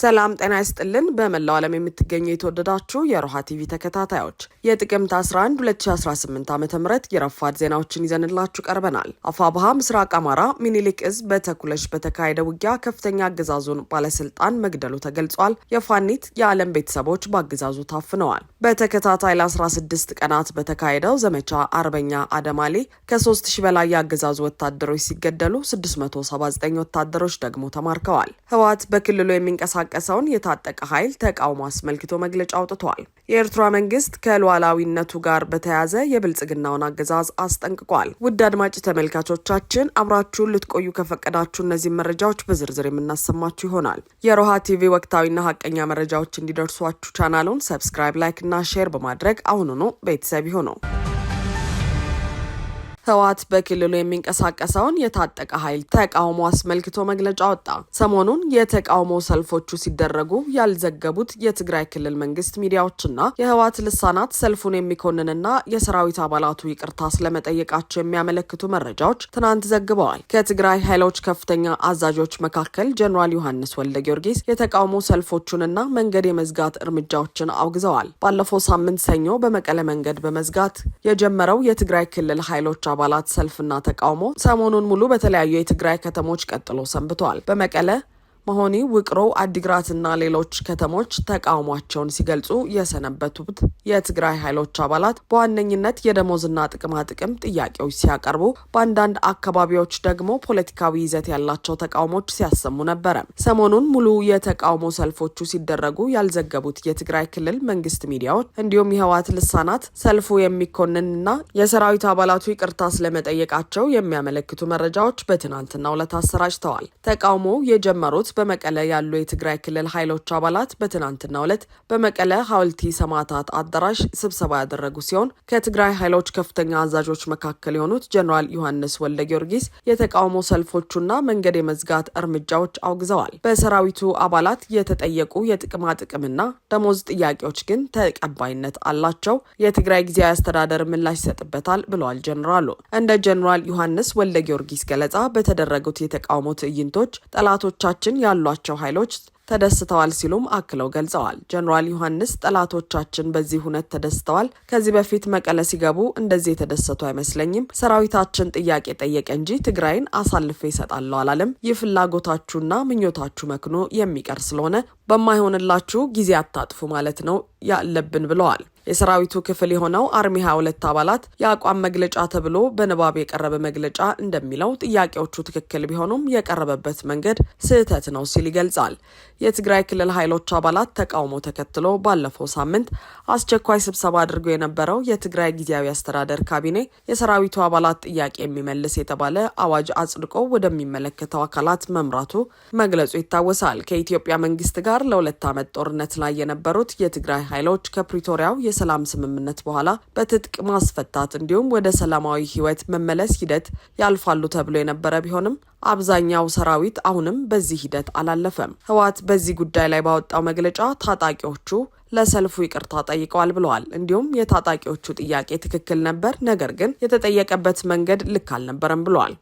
ሰላም ጤና ይስጥልን። በመላው ዓለም የምትገኙ የተወደዳችሁ የሮሃ ቲቪ ተከታታዮች የጥቅምት 11 2018 ዓ ም የረፋድ ዜናዎችን ይዘንላችሁ ቀርበናል። አፋብሃ ምስራቅ አማራ ሚኒሊክ እዝ በተኩለሽ በተካሄደ ውጊያ ከፍተኛ አገዛዙን ባለስልጣን መግደሉ ተገልጿል። የፋኒት የዓለም ቤተሰቦች በአገዛዙ ታፍነዋል። በተከታታይ ለ16 ቀናት በተካሄደው ዘመቻ አርበኛ አደማሌ ከ3000 በላይ የአገዛዙ ወታደሮች ሲገደሉ 679 ወታደሮች ደግሞ ተማርከዋል። ህወሓት በክልሉ የሚንቀሳቀ የሚንቀሳቀሰውን የታጠቀ ኃይል ተቃውሞ አስመልክቶ መግለጫ አውጥቷል። የኤርትራ መንግስት ከሉዓላዊነቱ ጋር በተያያዘ የብልጽግናውን አገዛዝ አስጠንቅቋል። ውድ አድማጭ ተመልካቾቻችን አብራችሁን ልትቆዩ ከፈቀዳችሁ እነዚህ መረጃዎች በዝርዝር የምናሰማችሁ ይሆናል። የሮሃ ቲቪ ወቅታዊና ሀቀኛ መረጃዎች እንዲደርሷችሁ ቻናሉን ሰብስክራይብ፣ ላይክ እና ሼር በማድረግ አሁኑኑ ቤተሰብ ይሁኑ። ህወሓት በክልሉ የሚንቀሳቀሰውን የታጠቀ ኃይል ተቃውሞ አስመልክቶ መግለጫ ወጣ። ሰሞኑን የተቃውሞ ሰልፎቹ ሲደረጉ ያልዘገቡት የትግራይ ክልል መንግስት ሚዲያዎችና የህወሓት ልሳናት ሰልፉን የሚኮንንና የሰራዊት አባላቱ ይቅርታ ስለመጠየቃቸው የሚያመለክቱ መረጃዎች ትናንት ዘግበዋል። ከትግራይ ኃይሎች ከፍተኛ አዛዦች መካከል ጀኔራል ዮሐንስ ወልደ ጊዮርጊስ የተቃውሞ ሰልፎቹንና መንገድ የመዝጋት እርምጃዎችን አውግዘዋል። ባለፈው ሳምንት ሰኞ በመቀለ መንገድ በመዝጋት የጀመረው የትግራይ ክልል ኃይሎች አባላት ሰልፍና ተቃውሞ ሰሞኑን ሙሉ በተለያዩ የትግራይ ከተሞች ቀጥሎ ሰንብተዋል። በመቀለ መሆኒ ውቅሮ፣ አዲግራትና ሌሎች ከተሞች ተቃውሟቸውን ሲገልጹ የሰነበቱት የትግራይ ኃይሎች አባላት በዋነኝነት የደሞዝና ጥቅማ ጥቅም ጥያቄዎች ሲያቀርቡ፣ በአንዳንድ አካባቢዎች ደግሞ ፖለቲካዊ ይዘት ያላቸው ተቃውሞች ሲያሰሙ ነበረ። ሰሞኑን ሙሉ የተቃውሞ ሰልፎቹ ሲደረጉ ያልዘገቡት የትግራይ ክልል መንግስት ሚዲያዎች እንዲሁም የህወሓት ልሳናት ሰልፉ የሚኮንንና የሰራዊት አባላቱ ይቅርታ ስለመጠየቃቸው የሚያመለክቱ መረጃዎች በትናንትናው ዕለት አሰራጭተዋል። ተቃውሞ የጀመሩት በመቀለ ያሉ የትግራይ ክልል ኃይሎች አባላት በትናንትናው ዕለት በመቀለ ሐውልቲ ሰማዕታት አዳራሽ ስብሰባ ያደረጉ ሲሆን ከትግራይ ኃይሎች ከፍተኛ አዛዦች መካከል የሆኑት ጀኔራል ዮሐንስ ወልደ ጊዮርጊስ የተቃውሞ ሰልፎቹና መንገድ የመዝጋት እርምጃዎች አውግዘዋል። በሰራዊቱ አባላት የተጠየቁ የጥቅማ ጥቅምና ደሞዝ ጥያቄዎች ግን ተቀባይነት አላቸው፣ የትግራይ ጊዜያዊ አስተዳደር ምላሽ ይሰጥበታል ብለዋል ጀኔራሉ። እንደ ጀኔራል ዮሐንስ ወልደ ጊዮርጊስ ገለጻ በተደረጉት የተቃውሞ ትዕይንቶች ጠላቶቻችን ያሏቸው ኃይሎች ተደስተዋል ሲሉም አክለው ገልጸዋል። ጀኔራል ዮሐንስ ጠላቶቻችን በዚህ ሁነት ተደስተዋል። ከዚህ በፊት መቀለ ሲገቡ እንደዚህ የተደሰቱ አይመስለኝም። ሰራዊታችን ጥያቄ ጠየቀ እንጂ ትግራይን አሳልፎ ይሰጣለሁ አላለም። ይህ ፍላጎታችሁና ምኞታችሁ መክኖ የሚቀር ስለሆነ በማይሆንላችሁ ጊዜ አታጥፉ ማለት ነው ያለብን ብለዋል። የሰራዊቱ ክፍል የሆነው አርሚ 22 አባላት የአቋም መግለጫ ተብሎ በንባብ የቀረበ መግለጫ እንደሚለው ጥያቄዎቹ ትክክል ቢሆኑም የቀረበበት መንገድ ስህተት ነው ሲል ይገልጻል። የትግራይ ክልል ኃይሎች አባላት ተቃውሞ ተከትሎ ባለፈው ሳምንት አስቸኳይ ስብሰባ አድርጎ የነበረው የትግራይ ጊዜያዊ አስተዳደር ካቢኔ የሰራዊቱ አባላት ጥያቄ የሚመልስ የተባለ አዋጅ አጽድቆ ወደሚመለከተው አካላት መምራቱ መግለጹ ይታወሳል። ከኢትዮጵያ መንግስት ጋር ለሁለት ዓመት ጦርነት ላይ የነበሩት የትግራይ ኃይሎች ከፕሪቶሪያው የሰላም ስምምነት በኋላ በትጥቅ ማስፈታት እንዲሁም ወደ ሰላማዊ ህይወት መመለስ ሂደት ያልፋሉ ተብሎ የነበረ ቢሆንም አብዛኛው ሰራዊት አሁንም በዚህ ሂደት አላለፈም። ህወሓት በዚህ ጉዳይ ላይ ባወጣው መግለጫ ታጣቂዎቹ ለሰልፉ ይቅርታ ጠይቀዋል ብለዋል። እንዲሁም የታጣቂዎቹ ጥያቄ ትክክል ነበር፣ ነገር ግን የተጠየቀበት መንገድ ልክ አልነበረም ብለዋል።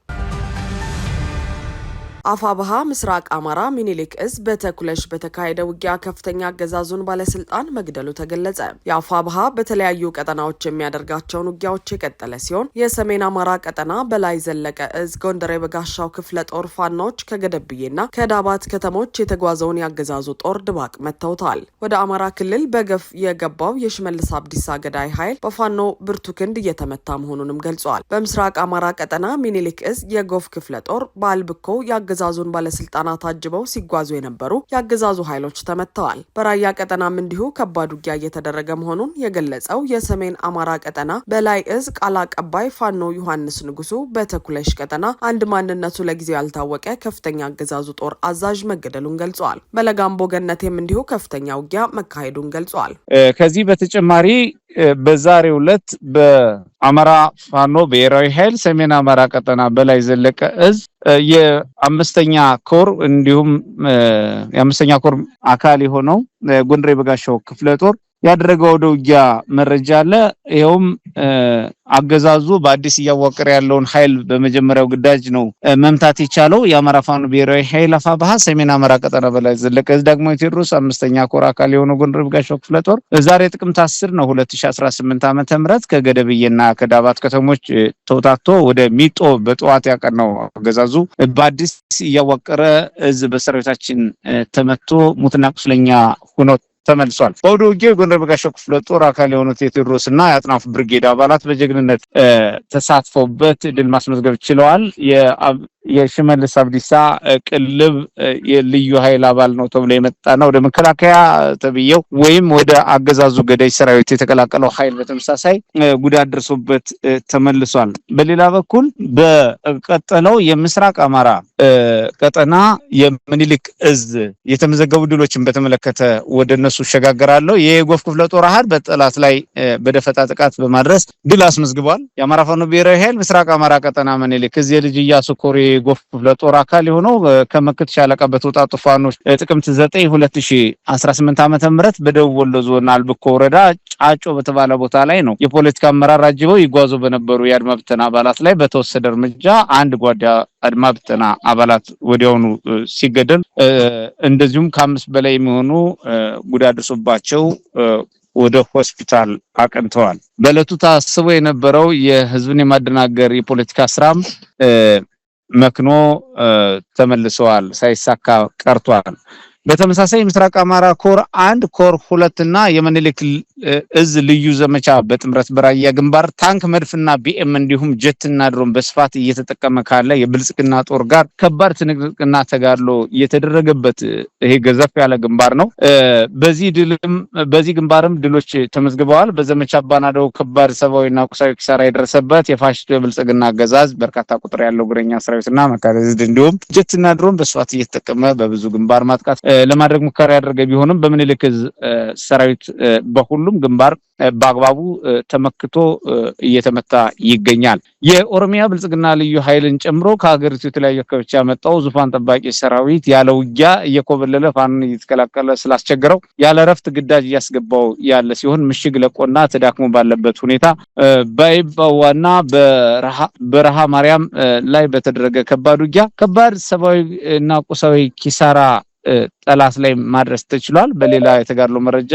አፋብሃ ምስራቅ አማራ ሚኒሊክ እዝ በተኩለሽ በተካሄደ ውጊያ ከፍተኛ አገዛዙን ባለስልጣን መግደሉ ተገለጸ። የአፋብሃ በተለያዩ ቀጠናዎች የሚያደርጋቸውን ውጊያዎች የቀጠለ ሲሆን የሰሜን አማራ ቀጠና በላይ ዘለቀ እዝ ጎንደር የበጋሻው ክፍለ ጦር ፋኖች ከገደብዬና ከዳባት ከተሞች የተጓዘውን የአገዛዙ ጦር ድባቅ መትተውታል። ወደ አማራ ክልል በገፍ የገባው የሽመልስ አብዲሳ ገዳይ ኃይል በፋኖ ብርቱ ክንድ እየተመታ መሆኑንም ገልጿል። በምስራቅ አማራ ቀጠና ሚኒሊክ እዝ የጎፍ ክፍለ ጦር በአልብኮ የአገዛዙን ባለስልጣናት አጅበው ሲጓዙ የነበሩ የአገዛዙ ኃይሎች ተመትተዋል። በራያ ቀጠናም እንዲሁ ከባድ ውጊያ እየተደረገ መሆኑን የገለጸው የሰሜን አማራ ቀጠና በላይ እዝ ቃል አቀባይ ፋኖ ዮሐንስ ንጉሱ በተኩለሽ ቀጠና አንድ ማንነቱ ለጊዜው ያልታወቀ ከፍተኛ አገዛዙ ጦር አዛዥ መገደሉን ገልጿል። በለጋምቦ ገነቴም እንዲሁ ከፍተኛ ውጊያ መካሄዱን ገልጿል። ከዚህ በተጨማሪ በዛሬው ዕለት በአማራ ፋኖ ብሔራዊ ኃይል ሰሜን አማራ ቀጠና በላይ ዘለቀ እዝ የአምስተኛ ኮር እንዲሁም የአምስተኛ ኮር አካል የሆነው ጎንደር የበጋሻው ክፍለ ጦር ያደረገው ወደ ውጊያ መረጃ አለ። ይኸውም አገዛዙ በአዲስ እያዋቀረ ያለውን ኃይል በመጀመሪያው ግዳጅ ነው መምታት የቻለው። የአማራ ፋኖ ብሔራዊ ኃይል አፋብኃ ሰሜን አማራ ቀጠና በላይ ዘለቀ እዝ ዳግማዊ ቴዎድሮስ አምስተኛ ኮር አካል የሆነ ጎንደር ብጋሻው ክፍለ ጦር ዛሬ ጥቅምት 10 ነው 2018 ዓመተ ምህረት ከገደብዬና ከዳባት ከተሞች ተውታቶ ወደ ሚጦ በጠዋት ያቀናው አገዛዙ በአዲስ እያዋቀረ እዝ በሰራዊታችን ተመቶ ሙትና ቁስለኛ ሆኖ ተመልሷል። በአውደ ውጊያው የጎንደር በጋሻው ክፍለ ጦር አካል የሆኑት የቴዎድሮስ እና የአጥናፉ ብርጌድ አባላት በጀግንነት ተሳትፈውበት ድል ማስመዝገብ ችለዋል። የሽመልስ አብዲሳ ቅልብ የልዩ ኃይል አባል ነው ተብሎ የመጣ ነው። ወደ መከላከያ ተብዬው ወይም ወደ አገዛዙ ገዳይ ሰራዊት የተቀላቀለው ኃይል በተመሳሳይ ጉዳት ደርሶበት ተመልሷል። በሌላ በኩል በቀጠለው የምስራቅ አማራ ቀጠና የምኒልክ እዝ የተመዘገቡ ድሎችን በተመለከተ ወደ እነሱ እሸጋገራለሁ። የጎፍ ክፍለ ጦር አሃድ በጠላት ላይ በደፈጣ ጥቃት በማድረስ ድል አስመዝግቧል። የአማራ ፋኖ ብሔራዊ ኃይል ምስራቅ አማራ ቀጠና ምኒልክ እዝ የልጅ እያሱ ኮሪ የጎፍ ክፍለ ጦር አካል የሆነው ከመክት ሻለቃ በተውጣጡ ፋኖች ጥቅምት 9 2018 ዓመተ ምህረት በደቡብ ወሎ ዞን አልብኮ ወረዳ ጫጮ በተባለ ቦታ ላይ ነው የፖለቲካ አመራር አጅበው ይጓዙ በነበሩ የአድማ ብተና አባላት ላይ በተወሰደ እርምጃ አንድ ጓዳ አድማ ብተና አባላት ወዲያውኑ ሲገደል፣ እንደዚሁም ከአምስት በላይ የሚሆኑ ጉዳ ደርሶባቸው ወደ ሆስፒታል አቅንተዋል። በእለቱ ታስቦ የነበረው የህዝብን የማደናገር የፖለቲካ ስራም መክኖ ተመልሰዋል፣ ሳይሳካ ቀርቷል። በተመሳሳይ የምስራቅ አማራ ኮር አንድ ኮር ሁለት እና የምኒልክ እዝ ልዩ ዘመቻ በጥምረት በራያ ግንባር ታንክ፣ መድፍና ቢኤም እንዲሁም ጀትና ድሮን በስፋት እየተጠቀመ ካለ የብልጽግና ጦር ጋር ከባድ ትንቅንቅና ተጋድሎ የተደረገበት ይሄ ገዘፍ ያለ ግንባር ነው። በዚህ ድልም በዚህ ግንባርም ድሎች ተመዝግበዋል። በዘመቻ አባናደው ከባድ ሰብአዊና ቁሳዊ ኪሳራ የደረሰበት የፋሽስቱ የብልጽግና አገዛዝ በርካታ ቁጥር ያለው እግረኛ ሰራዊትና መካናይዝድ እንዲሁም ጀትና ድሮን በስፋት እየተጠቀመ በብዙ ግንባር ማጥቃት ለማድረግ ሙከራ ያደረገ ቢሆንም በምኒልክ ዕዝ ሰራዊት በሁሉም ግንባር በአግባቡ ተመክቶ እየተመታ ይገኛል። የኦሮሚያ ብልጽግና ልዩ ኃይልን ጨምሮ ከሀገሪቱ የተለያዩ አካባቢዎች ያመጣው ዙፋን ጠባቂ ሰራዊት ያለ ውጊያ እየኮበለለ ፋኖን እየተቀላቀለ ስላስቸገረው ያለ እረፍት ግዳጅ እያስገባው ያለ ሲሆን ምሽግ ለቆና ተዳክሞ ባለበት ሁኔታ በይባዋና በረሃ ማርያም ላይ በተደረገ ከባድ ውጊያ ከባድ ሰብአዊ እና ቁሳዊ ኪሳራ ጠላት ላይ ማድረስ ተችሏል። በሌላ የተጋድሎ መረጃ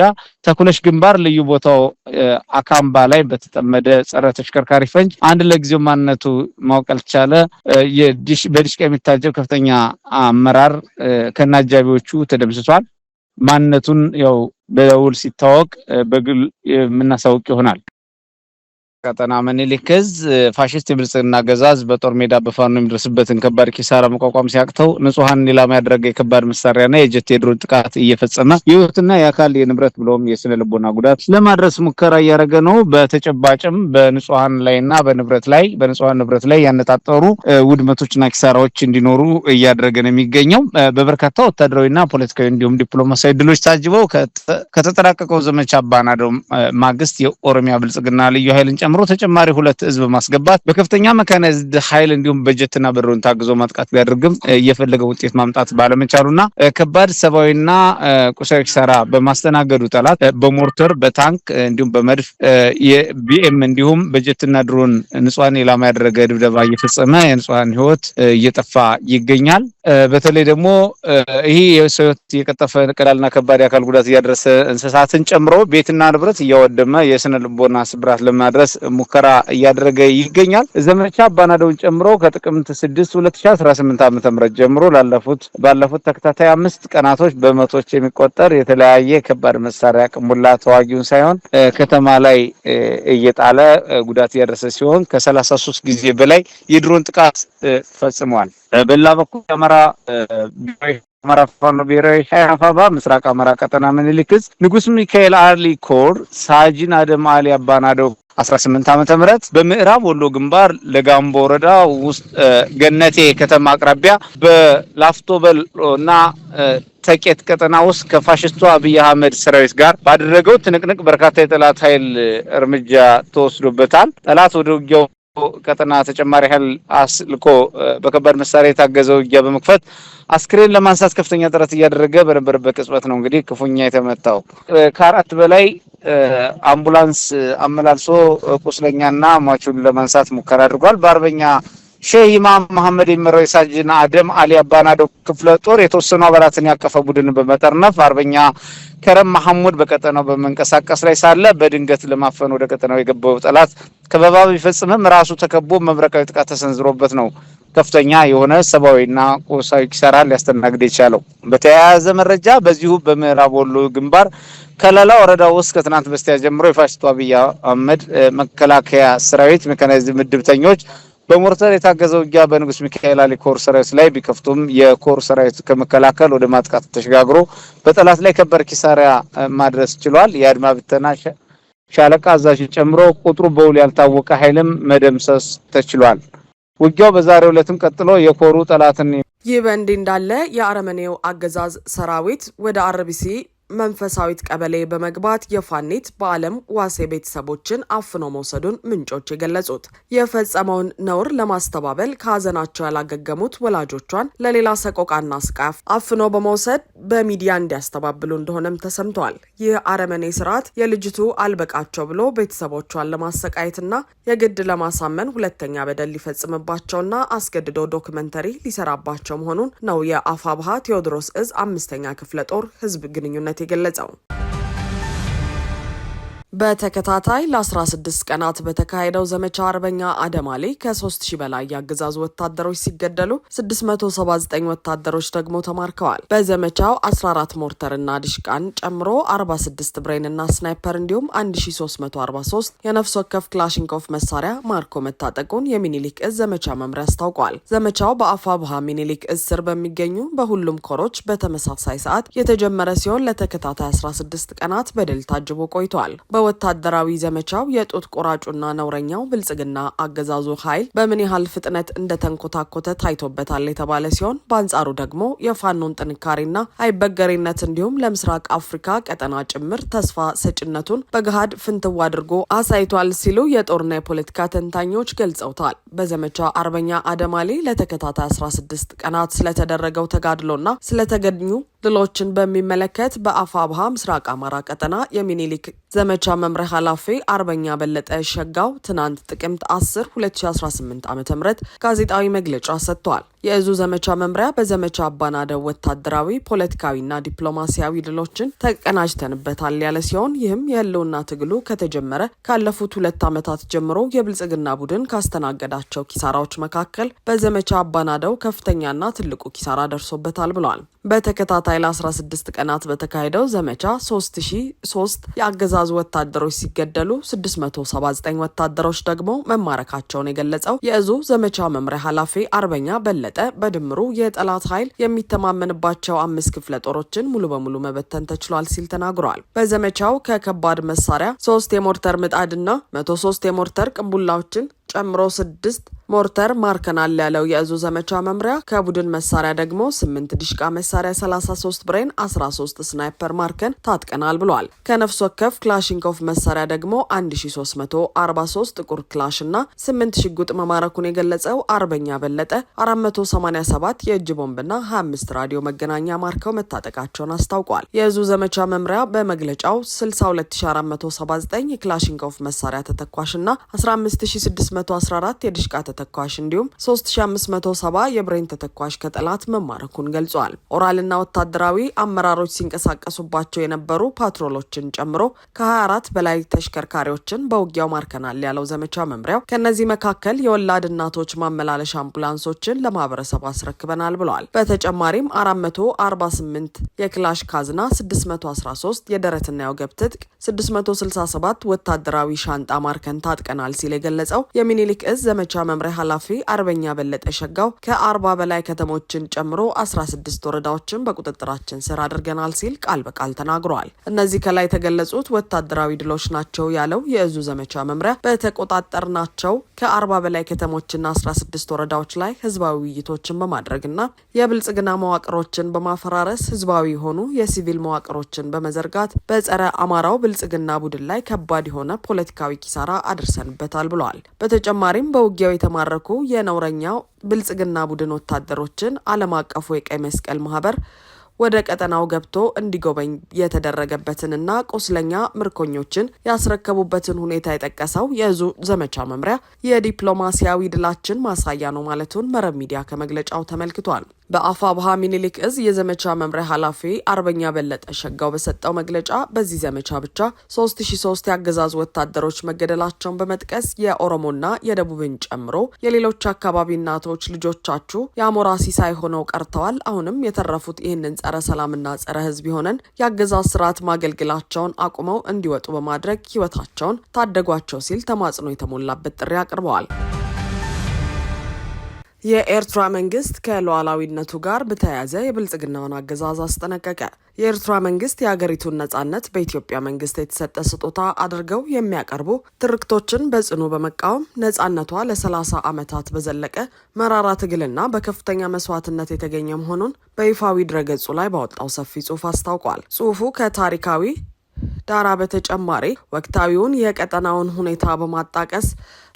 ተኩለሽ ግንባር ልዩ ቦታው አካምባ ላይ በተጠመደ ጸረ ተሽከርካሪ ፈንጅ አንድ ለጊዜው ማንነቱ ማወቅ ያልተቻለ በዲሽቃ የሚታጀብ ከፍተኛ አመራር ከነአጃቢዎቹ ተደምስቷል። ማንነቱን ያው በውል ሲታወቅ በግል የምናሳውቅ ይሆናል። ቀጠና ምኒልክ እዝ ፋሽስት የብልጽግና ገዛዝ በጦር ሜዳ በፋኖ የሚደርስበትን ከባድ ኪሳራ መቋቋም ሲያቅተው ንጹሐንን ኢላማ ያደረገ የከባድ መሳሪያና የጀት የድሮን ጥቃት እየፈጸመ የህይወትና የአካል የንብረት ብሎም የስነ ልቦና ጉዳት ለማድረስ ሙከራ እያደረገ ነው። በተጨባጭም በንጹሐን ላይና በንብረት ላይ በንጹሐን ንብረት ላይ ያነጣጠሩ ውድመቶችና ኪሳራዎች እንዲኖሩ እያደረገ ነው የሚገኘው። በበርካታ ወታደራዊና ፖለቲካዊ እንዲሁም ዲፕሎማሲያዊ ድሎች ታጅበው ከተጠናቀቀው ዘመቻ ባናደው ማግስት የኦሮሚያ ብልጽግና ልዩ ኃይልን ጨምሮ ተጨማሪ ሁለት ህዝብ ማስገባት በከፍተኛ መካናይዝድ ኃይል እንዲሁም በጀትና ብሩን ታግዞ ማጥቃት ቢያደርግም እየፈለገ ውጤት ማምጣት ባለመቻሉና ከባድ ሰብአዊና ቁሳዊ ሰራ በማስተናገዱ ጠላት በሞርተር በታንክ እንዲሁም በመድፍ የቢኤም እንዲሁም በጀትና ድሮን ንጹሐን ኢላማ ያደረገ ድብደባ እየፈጸመ የንጹሐን ህይወት እየጠፋ ይገኛል። በተለይ ደግሞ ይህ የሰው ህይወት እየቀጠፈ ቀላልና ከባድ የአካል ጉዳት እያደረሰ እንስሳትን ጨምሮ ቤትና ንብረት እያወደመ የስነ ልቦና ስብራት ለማድረስ ሙከራ እያደረገ ይገኛል። ዘመቻ አባናደውን ጨምሮ ከጥቅምት 6 2018 ዓ.ም ጀምሮ ላለፉት ባለፉት ተከታታይ አምስት ቀናቶች በመቶች የሚቆጠር የተለያየ ከባድ መሳሪያ ቅሙላ ተዋጊውን ሳይሆን ከተማ ላይ እየጣለ ጉዳት እያደረሰ ሲሆን ከ33 ጊዜ በላይ የድሮን ጥቃት ፈጽመዋል። በሌላ በኩል የአማራ አማራ ፋኖ ብሔራዊ ኃይል አፋባ ምስራቅ አማራ ቀጠና ምኒልክ ንጉስ ሚካኤል አሊ ኮር ሳጅን አደም አሊ አባናደው 18 ዓመተ ምህረት በምዕራብ ወሎ ግንባር ለጋምቦ ወረዳ ውስጥ ገነቴ ከተማ አቅራቢያ በላፍቶበል እና ተቄት ቀጠና ውስጥ ከፋሽስቱ አብይ አህመድ ሰራዊት ጋር ባደረገው ትንቅንቅ በርካታ የጠላት ኃይል እርምጃ ተወስዶበታል። ጠላት ወደ ውጊያው ቀጠና ተጨማሪ ኃይል አስልኮ በከባድ መሳሪያ የታገዘው ውጊያ በመክፈት አስክሬን ለማንሳት ከፍተኛ ጥረት እያደረገ በነበረበት ቅጽበት ነው እንግዲህ ክፉኛ የተመታው። ከአራት በላይ አምቡላንስ አመላልሶ ቁስለኛና ሟቹን ለማንሳት ሙከራ አድርጓል። በአርበኛ ሼህ ኢማም መሐመድ የሚመራው የሳጅን አደም አሊ አባናዶ ክፍለ ጦር የተወሰኑ አባላትን ያቀፈ ቡድን በመጠርነፍ አርበኛ ከረም መሐሙድ በቀጠናው በመንቀሳቀስ ላይ ሳለ በድንገት ለማፈን ወደ ቀጠናው የገባው ጠላት ከበባ ቢፈጽምም ራሱ ተከቦ መብረቃዊ ጥቃት ተሰንዝሮበት ነው ከፍተኛ የሆነ ሰብአዊና ቁሳዊ ኪሳራ ሊያስተናግድ የቻለው። በተያያዘ መረጃ በዚሁ በምዕራብ ወሎ ግንባር ከለላ ወረዳ ውስጥ ከትናንት በስቲያ ጀምሮ የፋሽስቱ አብይ አህመድ መከላከያ ሰራዊት ሜካናይዝድ ምድብተኞች በሞርተር የታገዘ ውጊያ በንጉስ ሚካኤል አሊ ኮር ሰራዊት ላይ ቢከፍቱም የኮር ሰራዊት ከመከላከል ወደ ማጥቃት ተሸጋግሮ በጠላት ላይ ከባድ ኪሳራ ማድረስ ችሏል። የአድማ ብተና ሻለቃ አዛዥን ጨምሮ ቁጥሩ በውል ያልታወቀ ኃይልም መደምሰስ ተችሏል። ውጊያው በዛሬው ዕለትም ቀጥሎ የኮሩ ጠላትን ይህ በእንዲህ እንዳለ የአረመኔው አገዛዝ ሰራዊት ወደ አርቢሲ መንፈሳዊት ቀበሌ በመግባት የፋኒት በአለም ዋሴ ቤተሰቦችን አፍኖ መውሰዱን ምንጮች የገለጹት የፈጸመውን ነውር ለማስተባበል ከሀዘናቸው ያላገገሙት ወላጆቿን ለሌላ ሰቆቃና ስቃፍ አፍኖ በመውሰድ በሚዲያ እንዲያስተባብሉ እንደሆነም ተሰምተዋል። ይህ አረመኔ ስርዓት የልጅቱ አልበቃቸው ብሎ ቤተሰቦቿን ለማሰቃየትና የግድ ለማሳመን ሁለተኛ በደል ሊፈጽምባቸውና አስገድዶ ዶክመንተሪ ሊሰራባቸው መሆኑን ነው የአፋብሃ ቴዎድሮስ እዝ አምስተኛ ክፍለ ጦር ህዝብ ግንኙነት የገለጸው በተከታታይ ለ16 ቀናት በተካሄደው ዘመቻ አርበኛ አደማሌ ከ3000 በላይ የአገዛዙ ወታደሮች ሲገደሉ 679 ወታደሮች ደግሞ ተማርከዋል። በዘመቻው 14 ሞርተርና ድሽቃን ጨምሮ 46 ብሬንና ስናይፐር እንዲሁም 1343 የነፍስ ወከፍ ክላሽንኮፍ መሳሪያ ማርኮ መታጠቁን የሚኒሊክ እዝ ዘመቻ መምሪያ አስታውቋል። ዘመቻው በአፋ ብሃ ሚኒሊክ እዝ ስር በሚገኙ በሁሉም ኮሮች በተመሳሳይ ሰዓት የተጀመረ ሲሆን ለተከታታይ 16 ቀናት በድል ታጅቦ ቆይቷል። በወታደራዊ ዘመቻው የጡት ቆራጩና ነውረኛው ብልጽግና አገዛዙ ኃይል በምን ያህል ፍጥነት እንደተንኮታኮተ ታይቶበታል የተባለ ሲሆን በአንጻሩ ደግሞ የፋኖን ጥንካሬና አይበገሬነት እንዲሁም ለምስራቅ አፍሪካ ቀጠና ጭምር ተስፋ ሰጭነቱን በገሃድ ፍንትው አድርጎ አሳይቷል ሲሉ የጦርና የፖለቲካ ተንታኞች ገልጸውታል። በዘመቻ አርበኛ አደማሌ ለተከታታይ 16 ቀናት ስለተደረገው ተጋድሎና ስለተገኙ ድሎችን በሚመለከት በአፋብሃ ምስራቅ አማራ ቀጠና የሚኒሊክ ዘመቻ መምሪያ ኃላፊ አርበኛ በለጠ ሸጋው ትናንት ጥቅምት 10 2018 ዓ ም ጋዜጣዊ መግለጫ ሰጥቷል። የእዙ ዘመቻ መምሪያ በዘመቻ አባናደው ወታደራዊ፣ ፖለቲካዊና ዲፕሎማሲያዊ ድሎችን ተቀናጅተንበታል ያለ ሲሆን ይህም የህልውና ትግሉ ከተጀመረ ካለፉት ሁለት ዓመታት ጀምሮ የብልጽግና ቡድን ካስተናገዳቸው ኪሳራዎች መካከል በዘመቻ አባናደው ከፍተኛና ትልቁ ኪሳራ ደርሶበታል ብሏል። በተከታታይ ተከታታይ ለ16 ቀናት በተካሄደው ዘመቻ 3003 የአገዛዙ ወታደሮች ሲገደሉ 679 ወታደሮች ደግሞ መማረካቸውን የገለጸው የእዙ ዘመቻ መምሪያ ኃላፊ አርበኛ በለጠ በድምሩ የጠላት ኃይል የሚተማመንባቸው አምስት ክፍለ ጦሮችን ሙሉ በሙሉ መበተን ተችሏል ሲል ተናግሯል። በዘመቻው ከከባድ መሳሪያ ሶስት የሞርተር ምጣድና መቶ ሶስት የሞርተር ቅንቡላዎችን ጨምሮ ስድስት ሞርተር ማርከናል ያለው የእዙ ዘመቻ መምሪያ ከቡድን መሳሪያ ደግሞ ስምንት ዲሽቃ መሳሪያ 33 ብሬን 13 ስናይፐር ማርከን ታጥቀናል ብሏል። ከነፍስ ወከፍ ክላሽንኮቭ መሳሪያ ደግሞ 1343 ጥቁር ክላሽ እና 8 ሽጉጥ መማረኩን የገለጸው አርበኛ በለጠ 487 የእጅ ቦምብና 25 ራዲዮ መገናኛ ማርከው መታጠቃቸውን አስታውቋል። የእዙ ዘመቻ መምሪያ በመግለጫው 62479 የክላሽንኮቭ መሳሪያ ተተኳሽ እና 156 514 የድሽቃ ተተኳሽ እንዲሁም 3570 የብሬን ተተኳሽ ከጠላት መማረኩን ገልጿል። ኦራልና ወታደራዊ አመራሮች ሲንቀሳቀሱባቸው የነበሩ ፓትሮሎችን ጨምሮ ከ24 በላይ ተሽከርካሪዎችን በውጊያው ማርከናል ያለው ዘመቻ መምሪያው ከእነዚህ መካከል የወላድ እናቶች ማመላለሻ አምቡላንሶችን ለማህበረሰቡ አስረክበናል ብለዋል። በተጨማሪም 448 የክላሽ ካዝና፣ 613 የደረትና የወገብ ትጥቅ፣ 667 ወታደራዊ ሻንጣ ማርከን ታጥቀናል ሲል የገለጸው የሚኒሊክ እዝ ዘመቻ መምሪያ ኃላፊ አርበኛ በለጠ ሸጋው ከአርባ በላይ ከተሞችን ጨምሮ አስራ ስድስት ወረዳዎችን በቁጥጥራችን ስር አድርገናል ሲል ቃል በቃል ተናግረዋል። እነዚህ ከላይ የተገለጹት ወታደራዊ ድሎች ናቸው ያለው የእዙ ዘመቻ መምሪያ በተቆጣጠርናቸው ከአርባ በላይ ከተሞችና አስራ ስድስት ወረዳዎች ላይ ህዝባዊ ውይይቶችን በማድረግና የብልጽግና መዋቅሮችን በማፈራረስ ህዝባዊ የሆኑ የሲቪል መዋቅሮችን በመዘርጋት በጸረ አማራው ብልጽግና ቡድን ላይ ከባድ የሆነ ፖለቲካዊ ኪሳራ አድርሰንበታል ብለዋል። በተጨማሪም በውጊያው የተማረኩ የነውረኛው ብልጽግና ቡድን ወታደሮችን ዓለም አቀፉ የቀይ መስቀል ማህበር ወደ ቀጠናው ገብቶ እንዲጎበኝ የተደረገበትንና ቁስለኛ ምርኮኞችን ያስረከቡበትን ሁኔታ የጠቀሰው የዙ ዘመቻ መምሪያ የዲፕሎማሲያዊ ድላችን ማሳያ ነው ማለቱን መረብ ሚዲያ ከመግለጫው ተመልክቷል። በአፋብሃ ሚኒሊክ እዝ የዘመቻ መምሪያ ኃላፊ አርበኛ በለጠ ሸጋው በሰጠው መግለጫ በዚህ ዘመቻ ብቻ 3003 የአገዛዝ ወታደሮች መገደላቸውን በመጥቀስ የኦሮሞና የደቡብን ጨምሮ የሌሎች አካባቢ እናቶች ልጆቻችሁ የአሞራ ሲሳይ ሆነው ቀርተዋል። አሁንም የተረፉት ይህንን ጸረ ሰላምና ጸረ ህዝብ የሆነን የአገዛዝ ስርዓት ማገልግላቸውን አቁመው እንዲወጡ በማድረግ ህይወታቸውን ታደጓቸው ሲል ተማጽኖ የተሞላበት ጥሪ አቅርበዋል። የኤርትራ መንግስት ከሉዓላዊነቱ ጋር በተያያዘ የብልጽግናውን አገዛዝ አስጠነቀቀ። የኤርትራ መንግስት የአገሪቱን ነጻነት በኢትዮጵያ መንግስት የተሰጠ ስጦታ አድርገው የሚያቀርቡ ትርክቶችን በጽኑ በመቃወም ነጻነቷ ለ30 ዓመታት በዘለቀ መራራ ትግልና በከፍተኛ መስዋዕትነት የተገኘ መሆኑን በይፋዊ ድረገጹ ላይ ባወጣው ሰፊ ጽሑፍ አስታውቋል። ጽሁፉ ከታሪካዊ ዳራ በተጨማሪ ወቅታዊውን የቀጠናውን ሁኔታ በማጣቀስ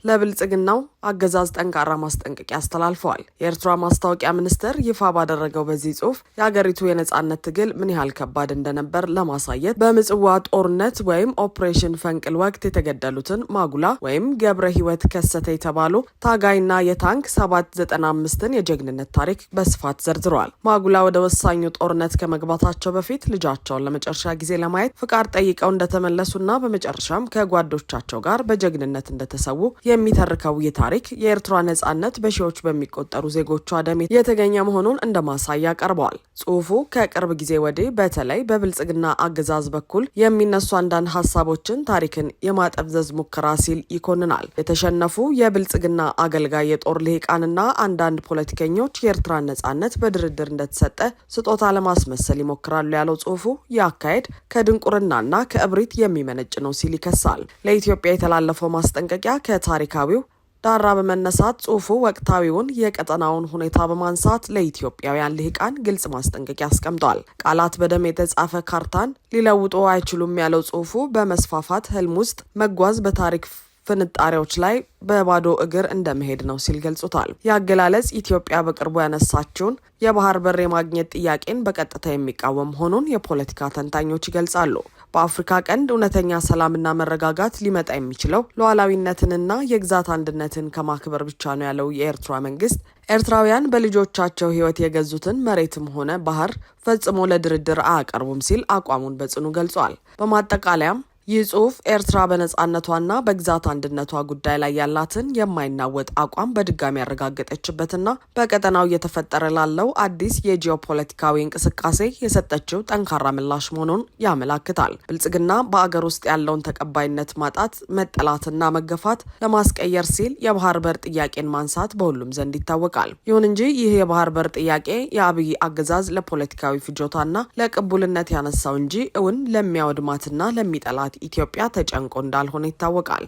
ለብልጽግናው አገዛዝ ጠንካራ ማስጠንቀቂያ አስተላልፈዋል። የኤርትራ ማስታወቂያ ሚኒስትር ይፋ ባደረገው በዚህ ጽሁፍ የአገሪቱ የነጻነት ትግል ምን ያህል ከባድ እንደነበር ለማሳየት በምጽዋ ጦርነት ወይም ኦፕሬሽን ፈንቅል ወቅት የተገደሉትን ማጉላ ወይም ገብረ ህይወት ከሰተ የተባሉ ታጋይና የታንክ 795ን የጀግንነት ታሪክ በስፋት ዘርዝረዋል። ማጉላ ወደ ወሳኙ ጦርነት ከመግባታቸው በፊት ልጃቸውን ለመጨረሻ ጊዜ ለማየት ፍቃድ ጠይቀው እንደተመለሱና በመጨረሻም ከጓዶቻቸው ጋር በጀግንነት እንደተሰዉ የሚተርከው ይህ ታሪክ የኤርትራ ነጻነት በሺዎች በሚቆጠሩ ዜጎቿ ደም የተገኘ መሆኑን እንደ ማሳያ ቀርበዋል። ጽሁፉ ከቅርብ ጊዜ ወዲህ በተለይ በብልጽግና አገዛዝ በኩል የሚነሱ አንዳንድ ሀሳቦችን ታሪክን የማጠብዘዝ ሙከራ ሲል ይኮንናል። የተሸነፉ የብልጽግና አገልጋይ የጦር ልሂቃንና አንዳንድ ፖለቲከኞች የኤርትራን ነጻነት በድርድር እንደተሰጠ ስጦታ ለማስመሰል ይሞክራሉ ያለው ጽሁፉ ይህ አካሄድ ከድንቁርናና ከእብሪት የሚመነጭ ነው ሲል ይከሳል። ለኢትዮጵያ የተላለፈው ማስጠንቀቂያ ከታ ታሪካዊው ዳራ በመነሳት ጽሁፉ ወቅታዊውን የቀጠናውን ሁኔታ በማንሳት ለኢትዮጵያውያን ልሂቃን ግልጽ ማስጠንቀቂያ አስቀምጧል። ቃላት በደም የተጻፈ ካርታን ሊለውጡ አይችሉም ያለው ጽሁፉ በመስፋፋት ህልም ውስጥ መጓዝ በታሪክ ፍንጣሪዎች ላይ በባዶ እግር እንደመሄድ ነው ሲል ገልጾታል። የአገላለጽ ኢትዮጵያ በቅርቡ ያነሳችውን የባህር በር የማግኘት ጥያቄን በቀጥታ የሚቃወም መሆኑን የፖለቲካ ተንታኞች ይገልጻሉ። በአፍሪካ ቀንድ እውነተኛ ሰላምና መረጋጋት ሊመጣ የሚችለው ሉዓላዊነትንና የግዛት አንድነትን ከማክበር ብቻ ነው ያለው የኤርትራ መንግስት ኤርትራውያን በልጆቻቸው ሕይወት የገዙትን መሬትም ሆነ ባህር ፈጽሞ ለድርድር አያቀርቡም ሲል አቋሙን በጽኑ ገልጿል። በማጠቃለያም ይህ ጽሁፍ ኤርትራ በነጻነቷና በግዛት አንድነቷ ጉዳይ ላይ ያላትን የማይናወጥ አቋም በድጋሚ ያረጋገጠችበትና በቀጠናው እየተፈጠረ ላለው አዲስ የጂኦፖለቲካዊ እንቅስቃሴ የሰጠችው ጠንካራ ምላሽ መሆኑን ያመላክታል። ብልጽግና በአገር ውስጥ ያለውን ተቀባይነት ማጣት፣ መጠላትና መገፋት ለማስቀየር ሲል የባህር በር ጥያቄን ማንሳት በሁሉም ዘንድ ይታወቃል። ይሁን እንጂ ይህ የባህር በር ጥያቄ የአብይ አገዛዝ ለፖለቲካዊ ፍጆታና ለቅቡልነት ያነሳው እንጂ እውን ለሚያወድማትና ለሚጠላት ኢትዮጵያ ተጨንቆ እንዳልሆነ ይታወቃል።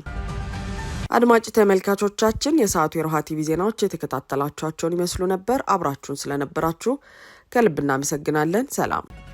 አድማጭ ተመልካቾቻችን የሰዓቱ የሮሃ ቲቪ ዜናዎች የተከታተላችኋቸውን ይመስሉ ነበር። አብራችሁን ስለነበራችሁ ከልብ እናመሰግናለን። ሰላም